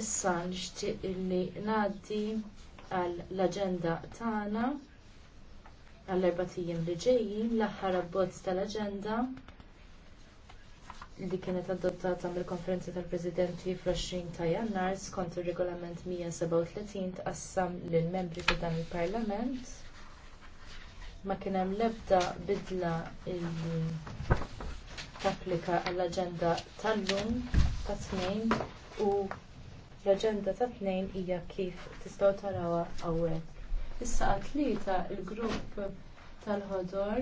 Issa nixtieq illi ngħaddi għal l-aġenda tagħna għall erbatijiem li ġejjin l-aħħar abbozz tal-aġenda li kienet adottata mill-konferenza tal-Presidenti fl-20 ta' Jannar skont ir-regolament 137 tqassam lill membri ta' dan il-Parlament. Ma kien hemm l-ebda bidla li tapplika għall-aġenda tal-lum ta' tnejn u l-aġenda ta' tnejn hija kif tistgħu tarawha hawnhekk. Issa tlieta il-grupp tal-ħodor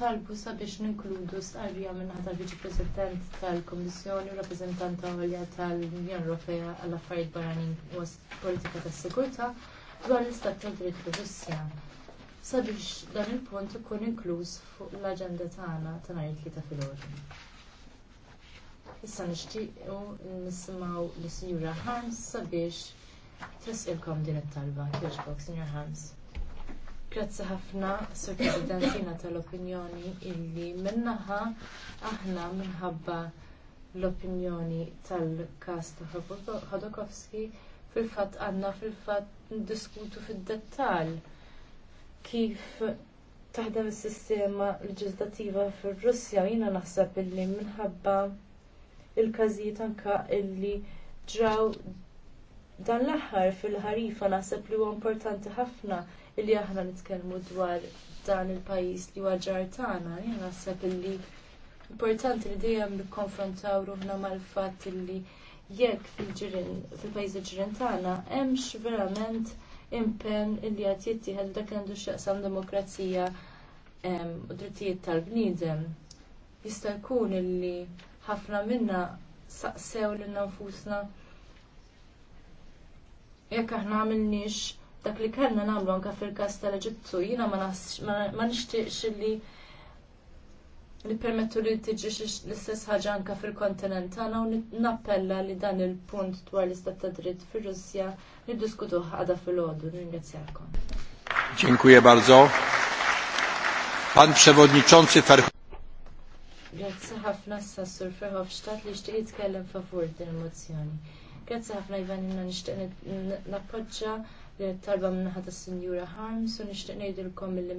talbu sabiex ninkludu stqarrija minnaħa tal-Viċi President tal-Kummissjoni u rappreżentanta għolja tal-Unjoni Ewropea għall affarijiet barranin u politika tas-sigurtà dwar l-istat tad-dritt fir-Russja sabiex dan il-punt ikun inkluż fuq l-aġenda tagħna ta' nhar it-tlieta filgħodu. Issa nixtiequ nisimgħu lis-Sinjura Harms sabiex trisqilkom din it-talba. Kieġbok, Sinjur Harms. Grazzi ħafna, Sir President, tal-opinjoni illi minnaħa aħna minħabba l-opinjoni tal kast ta' Hodokowski fil fatt għandna fil fat diskutu fid dettall kif taħdem is sistema leġislattiva fir russja jiena naħseb illi minħabba il-każijiet anke illi ġraw dan l-aħħar fil-ħarifa naħseb li huwa importanti ħafna illi aħna nitkellmu dwar dan il-pajjiż li huwa ġar tagħna, jien naħseb illi importanti li dejjem nikkonfrontaw ruħna mal-fatt illi jekk fil-ġirin fil-pajjiż ġirin tagħna hemmx verament impenn illi qed jittieħed dak għandu x'jaqsam demokrazija u drittijiet tal-bniedem. Jista' jkun illi ħafna minna saqsew lil nfusna jekk aħna għamilniex dak li kellna nagħmlu anke fil-każ tal-Eġittu jiena ma nixtieqx li li permettu li tiġi l-istess ħaġa anke fil-kontinent tagħna u nappella li dan il-punt dwar l-istat ta' dritt fir-Russja niddiskutuh għadha fil-għodu. Ringrazzjakom. Dziękuję bardzo. Pan Przewodniczący Fer... Grazzi ħafna s-sassur Ferhofstadt li xtiq jitkellem favur din il-mozzjoni. Grazzi ħafna Ivanina inna nixtieq nappoġġa t talba min-naħa tas Sinjura Harms u nixtieq ngħidilkom li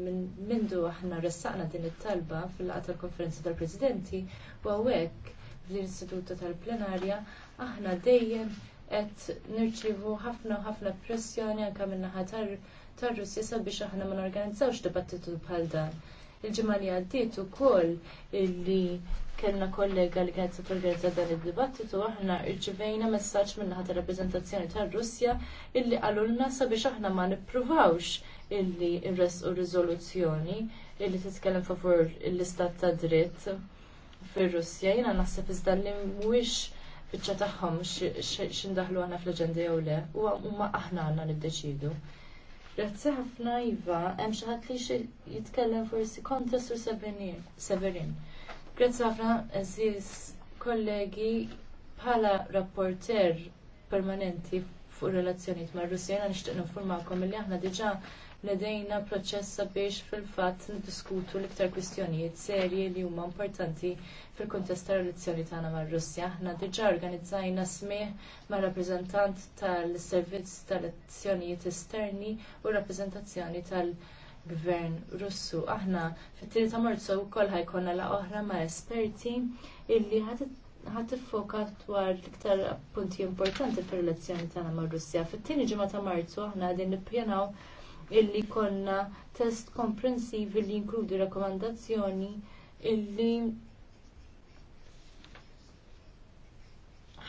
mindu aħna ressaqna din it-talba fil-laqgħa tal-konferenza tal-Presidenti u hawnhekk fl istituta tal-plenarja aħna dejjem qed nirċievu ħafna ħafna pressjoni anke min-naħa tar-Russja sabiex aħna ma norganizzawx dibattitu bħal dan il-ġimgħa li għaddiet ukoll illi kellna kollega li kienet torganizza dan id-dibattitu aħna rċivejna messaġġ minn ħadd rappreżentazzjoni tar-Russja illi qalulna sabiex aħna ma nippruvawx illi rresqu riżoluzzjoni illi titkellem favur l-istat ta' dritt fir-Russja. Jiena naħseb iżda li mhuwiex biċċa tagħhom x'indaħlu aħna fl-aġenda jew le, u huma aħna għandna niddeċidu. Grazzi ħafna Iva, hemm xi ħadd li jitkellem forsi kontra Sur Severin. Grazzi ħafna eżis kollegi bħala rapporter permanenti fuq relazzjonijiet mar Russja jiena nixtieq ninformakom li aħna diġà ledejna proċess sabiex fil-fatt niddiskutu l-iktar kwistjonijiet serji li huma importanti fil-kuntest ta' relazzjoni tagħna mar Russja. Aħna diġà organizzajna smih ma' rappreżentant tal-Servizz tal-Azzjonijiet Esterni u rappreżentazzjoni tal- gvern russu. Aħna fit-tieni ta' Marzu wkoll ħajkonna la oħra ma' esperti illi ħadd ħat tiffoka dwar l-iktar punti importanti fir-relazzjoni tagħna mar Russja. Fit-tieni ġimgħa ta' Marzu aħna qegħdin nippjanaw illi konna test komprensivi li jinkludi rakkomandazzjoni illi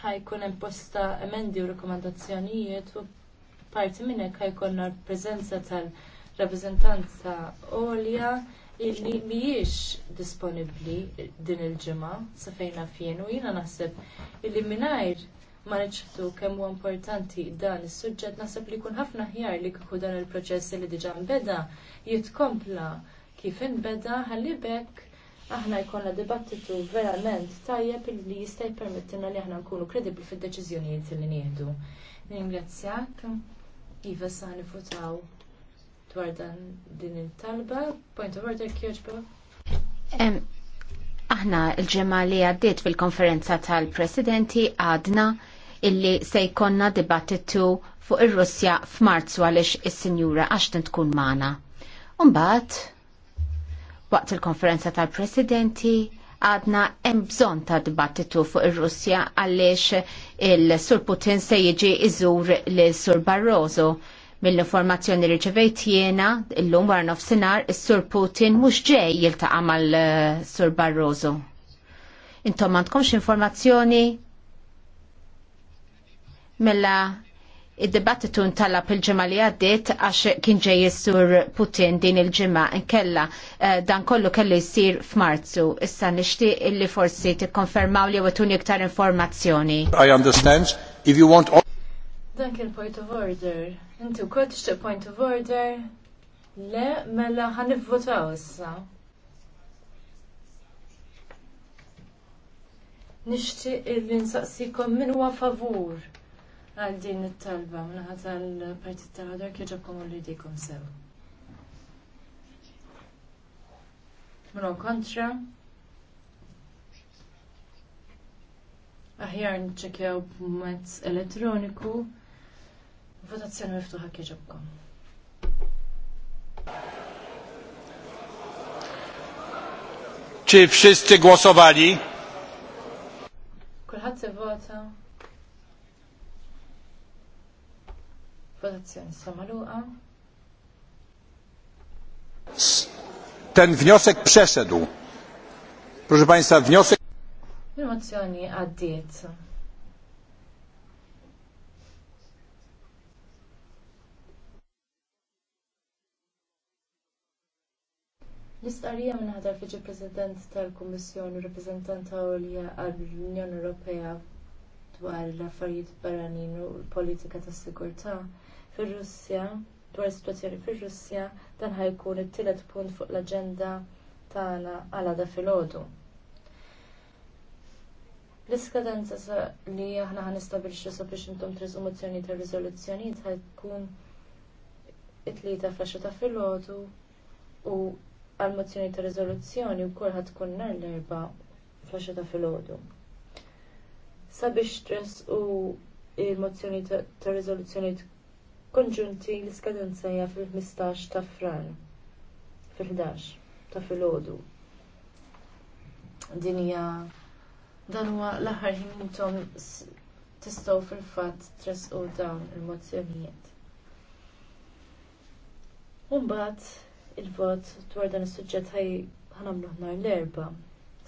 ħajkun hemm posta emendi u rakkomandazzjonijiet u parti minn hekk ħajkonna l-preżenza tal-rappreżentanza Olja illi mhijiex disponibbli din il-ġimgħa sa fejna fien u jiena naħseb illi mingħajr ma nċħtu kemm huwa importanti dan is-suġġett naħseb li jkun ħafna ħjar li kieku dan il-proċess li diġà nbeda jitkompla kif inbeda ħalli bekk aħna jkollna dibattitu verament tajjeb li jista' jippermettilna li aħna nkunu kredibbli fid-deċiżjonijiet li nieħdu. Ningrazzjak, Iva sa nifutaw dwar dan din il-talba. Point of order kjoġba. Aħna il-ġemma li għaddiet fil-konferenza tal-presidenti għadna illi se jkonna dibattitu fuq ir-Russja f'Marzu għaliex is-Sinjura għaxtin tkun magħna. Umbagħad waqt il-konferenza tal-presidenti għadna hemm bżonn ta' dibattitu fuq ir-Russja għaliex il-Sur Putin se jiġi iżur lil sur Barroso Mill-informazzjoni li ċevejt jiena illum wara nofsinhar is-Sur Putin mhux ġej jiltaqa' mal-Sur Barroso. Intom m'għandkomx informazzjoni mela id-dibattitu ntalab il ġemma li għaddit għax kien ġej s-Sur Putin din il-ġimma nkella eh, dan kollu kellu jissir f'Marzu. Issa nixtieq illi forsi tikkonfermaw li għetuni iktar informazzjoni. I understand. If you want all... Dan kien point of order. Inti kol tixtieq point of order? Le, mela ħanivvotaw issa. Nixtieq illi nsaqsikom min huwa favur għal din it-talba minħat tal-Partit tal-Ħodor kieġobkom u lidikom sew. Minu kontra. Aħjar nċekjaw b'mezz elettroniku. Votazzjoni miftuħa kieġobkom. Czy wszyscy głosowali? Kulħadd vota. Votazzjoni samaluqa. Ten wniosek przeszedł. Proszę Państwa, wniosek... Mozzjoni għaddiet. L-istqarrija minn ħadar fiġi President tal-Kummissjoni rappreżentanta għolja għall-Unjoni Ewropea dwar l-affarijiet barranin u l-politika tas sigurtà fir-Russja dwar is-sitwazzjoni fir-Russja dan ħajkun it-tielet punt fuq l-aġenda tagħna għal da filgħodu. L-iskadenza li aħna ħanistabilixxu sabiex intom triżu mozzjoni ta' riżoluzzjonijiet ħajkun it-tlieta flaxxa ta' filgħodu u għal mozzjoni ta' riżoluzzjoni wkoll ħad tkun nhar l-erba' faxa ta' filgħodu. Sabiex stress u il-mozzjoni ta' riżoluzzjoni konġunti l-iskadenza hija fil-15 ta' frar fil-11 ta' filgħodu. Din hija dan huwa l-aħħar ħin intom tistgħu fil-fatt tressqu dawn il-mozzjonijiet. Mbagħad il-vot dwar dan is-suġġett ħaj ħanamlu ħnar l-erba.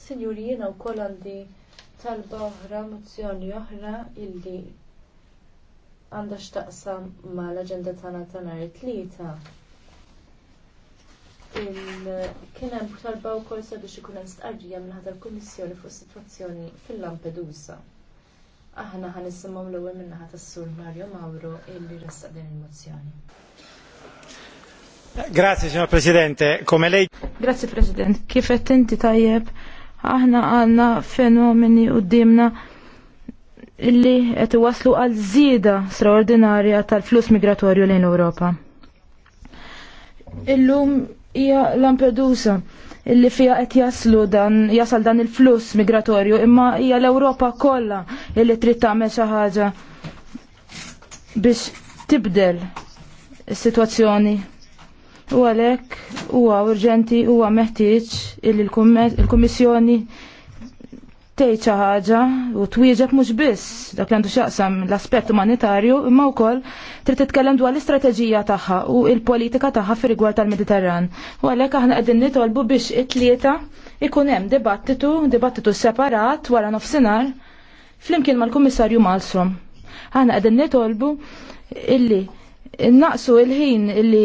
Sinjuri jiena wkoll għandi talba oħra, mozzjoni oħra illi għandha x'taqsam mal-aġenda tagħna ta' nhar it-tlieta. Kien hemm talba wkoll sabiex ikun hemm stqarrija minħata l-Kummissjoni fuq is-sitwazzjoni fil-Lampedusa. Aħna ħanisimgħu l-ewwel min-naħa tas-Sur Mario Mauro illi ressaq din il-mozzjoni. Grazie, signor Presidente. Come lei... Grazie, President. Kifet inti tajjeb, aħna għanna fenomeni u dimna illi qed waslu għal zida straordinarja tal-flus migratorju lejn Ewropa. Illum hija Lampedusa illi fija qed jaslu dan jasal dan il-flus migratorju imma hija l-Ewropa kollha illi trid tagħmel xi ħaġa biex tibdel is-sitwazzjoni U għalek huwa urġenti huwa meħtieġ il l-Kummissjoni tgħid xi ħaġa u twieġeb mhux biss dak li għandu x'jaqsam l-aspett umanitarju imma wkoll trid titkellem dwar l-istrateġija tagħha u l-politika tagħha fi rigward tal-Mediterran. U għalhekk aħna qegħdin nitolbu biex it-tlieta ikun hemm dibattitu, dibattitu separat wara nofsinhar flimkien mal-Kummissarju Malmstrom. Aħna qegħdin nitolbu illi naqsu il-ħin illi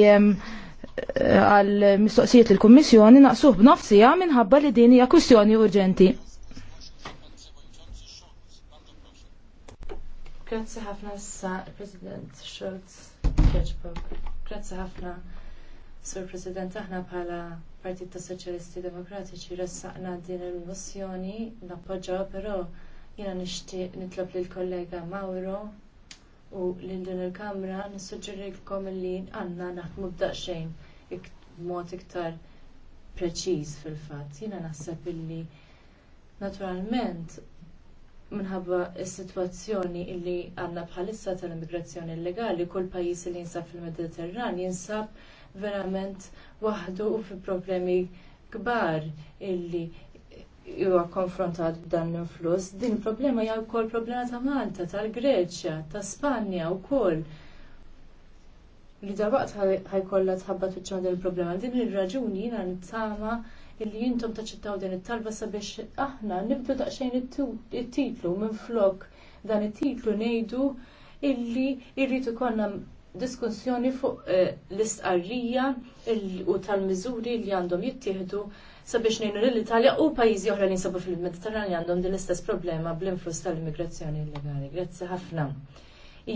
għal mistoqsijiet il-Kummissjoni naqsuh b'nofsija minħabba li din hija kwistjoni urġenti. Grazzi ħafna sa President Schultz Kirchberg. Grazzi ħafna Sur President aħna bħala Partit ta' Soċjalisti Demokratiċi ressaqna din il-mozzjoni nappoġġaw però jiena nixtieq nitlob lill kollega Mauro u lil din il-Kamra nissuġġerilkom li għandna naħdmu b'daqsxejn mod iktar preċiż fil-fatt. Jiena naħseb illi naturalment minħabba s-sitwazzjoni illi għandna bħalissa tal-immigrazzjoni illegali, kull pajjiż li jinsab fil-Mediterran jinsab verament waħdu u fi problemi kbar illi huwa konfrontat b'dan l-influss, din problema hija wkoll problema ta' Malta, tal-Greċja, ta' Spanja wkoll li darbaqt ħajkolla tħabba fiċċan din il-problema. Din ir-raġuni jiena nittama illi jintom taċċettaw din it-talba sabiex aħna nibdu daqsxejn it-titlu minn flok dan it-titlu ngħidu illi irritu konna diskussjoni fuq eh, l-istqarrija u tal-miżuri li għandhom jittieħdu sabiex ngħidu lill italja u pajjiżi oħra li nsabu fil-Mediterran li għandhom din l-istess problema bl-influss tal-immigrazzjoni illegali. Grazzi ħafna.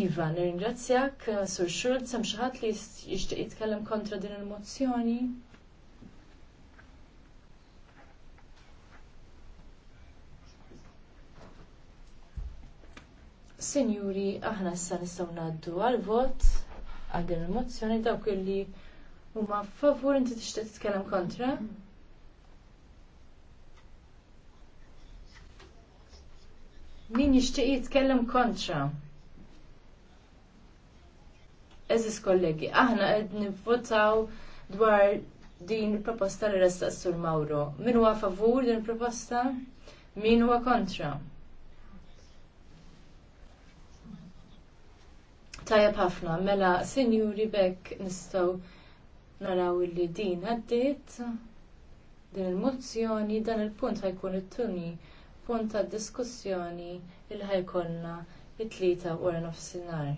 Iva, nirringrazzjak, eh, Sur Schulz, hemm xi ħadd li jixtieq jitkellem kontra din il-mozzjoni. Sinjuri, aħna issa nistgħu ngħaddu għal vot għal din il-mozzjoni dawk li huma favur inti tixtieq titkellem kontra. Min jixtieq jitkellem kontra? Eżis kollegi, aħna qed nivvotaw dwar din il-proposta li resta sur Mauro. Min huwa favur din il-proposta? Min huwa kontra? Tajja ħafna, mela sinjuri bekk nistgħu naraw li din għaddiet din il-mozzjoni dan il-punt ħajkun it-tuni punt għad diskussjoni il ħajkonna it-tlieta wara nofsinhar.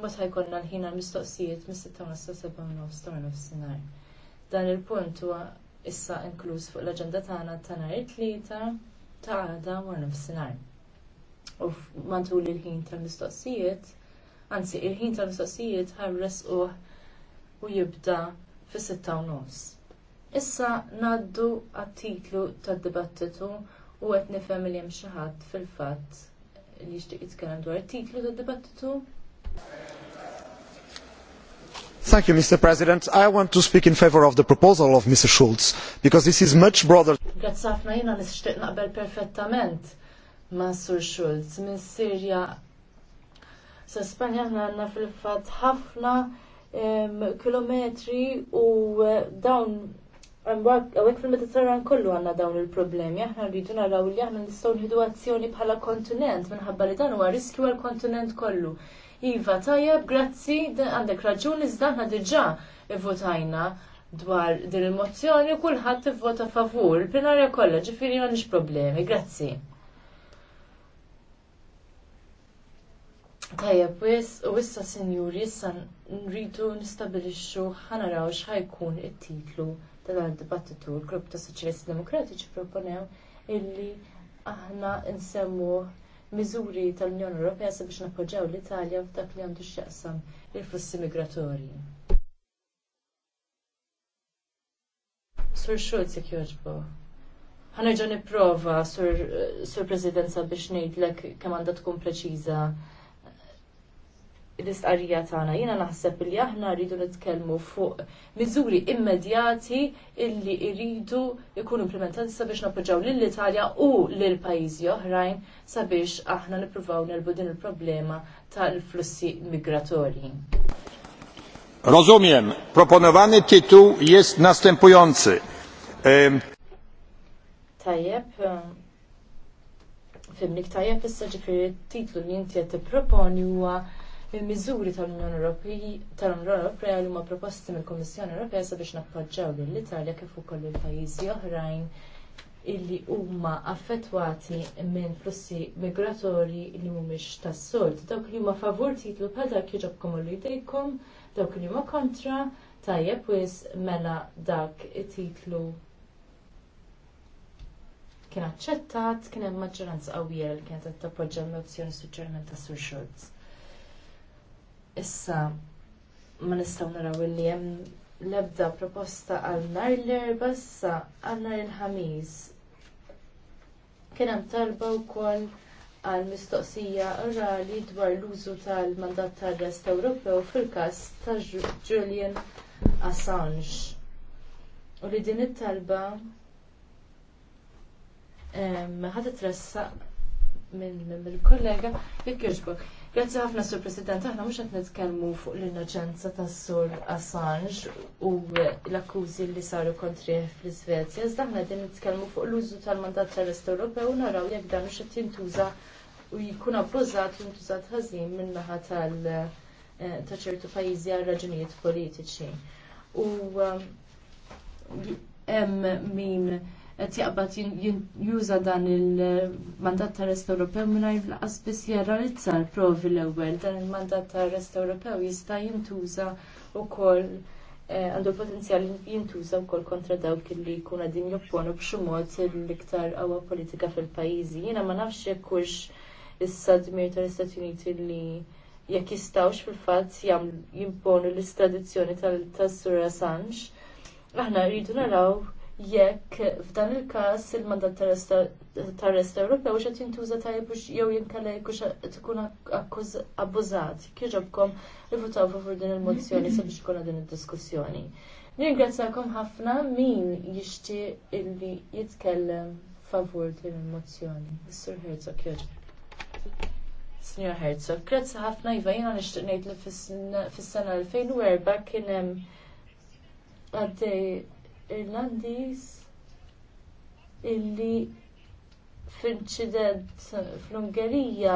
Mbat jkollna l-ħina għall mistoqsijiet mis-sitta nofs seba' nofs ta' Dan il-punt huwa issa inkluż fuq l-aġenda tagħna ta' nhar it-tlieta ta' għada war nofsinhar. U matul il-ħin tal-mistoqsijiet, anzi il-ħin tal-mistoqsijiet ħarres uħ u jibda fis-sitta nofs. Issa ngħaddu għat-titlu tad-dibattitu u qed nifhem li hemm xi ħadd fil-fatt li jixtieq jitkellem dwar it-titlu tad-dibattitu Thank you, Mr. President. I want to speak in favor of the proposal of Mr. Schulz because this is much broader. Grazzafna jina nishtiq naqbel perfettament ma' Sur Schulz minn Sirja. Sa Spanja għanna fil-fat ħafna kilometri u eh, dawn Għawek fil-Mediterran kollu għanna dawn il-problemi, aħna rridu naraw li aħna nistgħu nħidu azzjoni bħala kontinent minħabba li dan huwa riskju għal kontinent kollu. Iva, tajjeb, grazzi, għandek raġun, iżda aħna diġà votajna dwar din il-mozzjoni u kulħadd ivvota favur, plenarja kollha, ġifieri m'għandix problemi, grazzi. Tajab, u issa sinjuri, issa nridu nistabilixxu ħanaraw x'ħajkun it-titlu ta' dan dibattitu l-Grupp ta' Soċjalisti Demokratiċi proponew illi aħna nsemmu miżuri tal-Unjoni Ewropea sabiex nappoġġaw l-Italja f'dak li għandu x'jaqsam il-flussi migratorji. Sur Schulz jekk joġbu. Ħanerġa' nipprova sur, sur Presidenza biex ngħidlek kemm għandha tkun preċiża l-istqarrija tagħna jiena naħseb li aħna rridu nitkellmu fuq miżuri immedjati illi rridu jkunu implementati sabiex nappoġġaw lill-Italja u lil pajjiżi oħrajn sabiex aħna nippruvaw nelbu din il-problema tal-flussi migratorji. Rozumiem, proponowany tytuł jest następujący. Tajep, fimnik tajjeb issa ġifiri titlu li inti qed tipproponi huwa il-miżuri tal-Unjoni Ewropea li huma proposti mill-Kummissjoni Ewropea sabiex nappoġġaw lill-Italja kif ukoll il-pajjiżi oħrajn illi huma affettwati minn flussi migratorji li mhumiex tas sord Dawk li huma favur titlu bħal dak jiġobkom u jdejkom, dawk li huma kontra, tajjeb wis mela dak it-titlu kien aċċettat, kien hemm maġġoranza qawwija li kienet tappoġġa l mozzjoni suġġerment ta' Sur Schultz. Issa ma nistgħu naraw li hemm l-ebda proposta għal Nar l-erba issa għal nar il-ħamis. Kien hemm talba wkoll għal mistoqsija orali dwar l-użu tal-mandat tar-rest Ewropew fil-każ ta' Julian Assange. U li din it-talba ħadet tressaq mill-kollega jekk Grazzi ħafna sur President, aħna mhux qed nitkellmu fuq l-innoċenza tas-sur Assange u l-akkużi li saru kontri fl-Iżvezja, iżda aħna qegħdin nitkellmu fuq l-użu tal-mandat tal-Est Ewropew u naraw jekk dan mhux qed jintuża u jkun abbużat u jintużat ħażin minn naħa tal- eh, ta' ċertu pajjiżi għal raġunijiet politiċi. U eh, hemm min qed jaqbad juża dan il-mandat ta' rest Ewropew mingħajr laqas biss li tsar provi l-ewwel. Dan il-mandat ta' rest Ewropew jista' jintuża wkoll eh, għandu potenzjal jintuża wkoll kontra dawk li jkun din jopponu b'xi l-iktar qawwa politika fil-pajjiżi. Jiena ma nafx jekk hux issa dmir tal-Istati Uniti li jekk jistawx fil-fatt jimponu l-istradizzjoni tas sura Sanx. Aħna rridu naraw jekk f'dan il-każ il-mandat tar-Rest Ewropew x'qed jintuża tajjeb jew jinkalla jekk tkun abbużat. Kieġobkom ivutaw favur din il-mozzjoni sabiex ikollha din id-diskussjoni. Ringrazzakom ħafna min jixti illi jitkellem favur din il-mozzjoni. Mr. Herzog jogħġbok. Signor Herzog, grazzi ħafna Iva, jena nishtiq ngħid li fis-sena 2004 kien hemm għaddej Irlandiż illi fl-inċident fl-Ungerija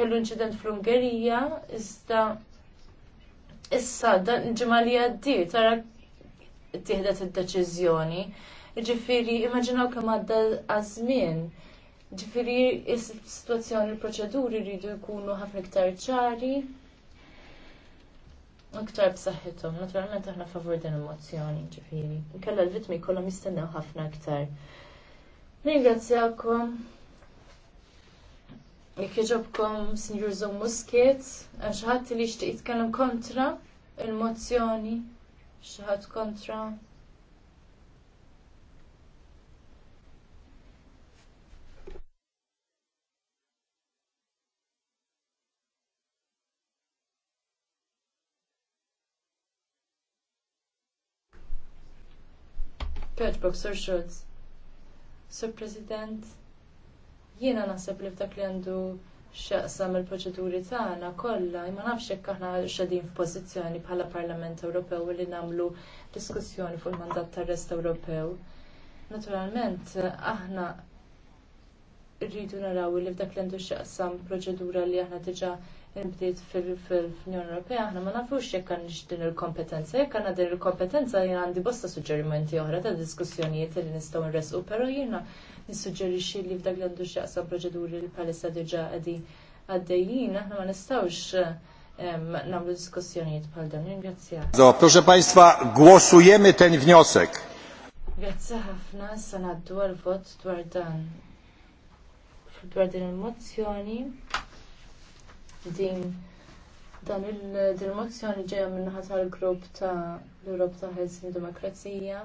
kellu inċident fl-Ungerija iżda issa dan ġimgħa li għaddiet tara tieħdet id-deċiżjoni. jiġifieri immaġinaw kemm għadda għażmien. Ġifieri is-sitwazzjoni l-proċeduri jridu jkunu ħafna iktar ċari. Iktar b'saħħithom, naturalment aħna favur din emozzjoni, ġifiri. Inkella l-vittmi jkollhom jistennew ħafna iktar. Ringrazzjakom. Jek jġobkom Sinjur Muskiet, għax ħadd li xtiqt kontra il-mozzjoni, xi ħadd kontra Kjoġbok, Boxer Schultz. Sir President, jiena naħseb li f'dak li għandu x'aqsam il-proċeduri tagħna kollha, imma nafx jekk aħna xedin f'pożizzjoni bħala Parlament Ewropew li nagħmlu diskussjoni fuq il-mandat tar-Rest Ewropew. Naturalment, aħna rridu naraw li f'dak li għandu x'aqsam proċedura li aħna diġa' imbdiet fil-Unjoni Ewropea, aħna ma nafux jekk għandix din il-kompetenza, jekk għandna din il-kompetenza jien għandi bosta suġġerimenti oħra ta' diskussjonijiet li nistgħu nresqu, però jiena nissuġġerixxi li f'dak li għandu x'jaqsam proċeduri li bħalissa diġà qegħdi għaddejjin, aħna ma nistgħux nagħmlu diskussjonijiet bħal dan. Zo, Proszę Państwa, głosujemy ten wniosek. Grazzi ħafna sa ngħaddu għall vot dwar dan. Dwar din il-mozzjoni din dan il-mozzjoni ġeja minnaħa tal-grupp ta' l-Europa ta' Helsin Demokrazija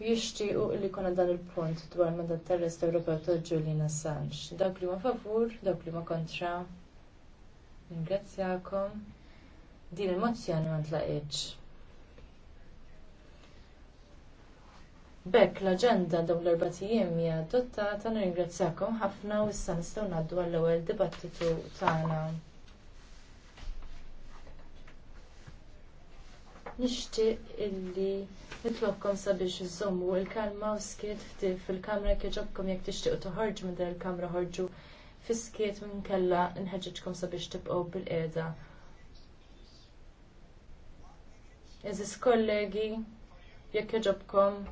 jixtiequ li kona dan il-punt dwar mandat terrest Ewropew ta' Julian Assange. Dak li ma favur, dak li ma kontra. ringrazzjakom. Din il-mozzjoni ma ntlaqietx. Bekk l-aġenda dawn l-erba' tiegħem hija adottata nirringrazzjakom ħafna u issa nistgħu ngħaddu għall-ewwel dibattitu tagħna. Nixtieq illi nitlobkom sabiex iżommu l kalma u skiet ftit fil-kamra kif jekk tixtiequ toħorġu minn dan il-kamra ħorġu fiskiet minn kella nħeġġitkom sabiex tibqgħu bil-qiegħda. Eżis kollegi, jekk jogħġobkom.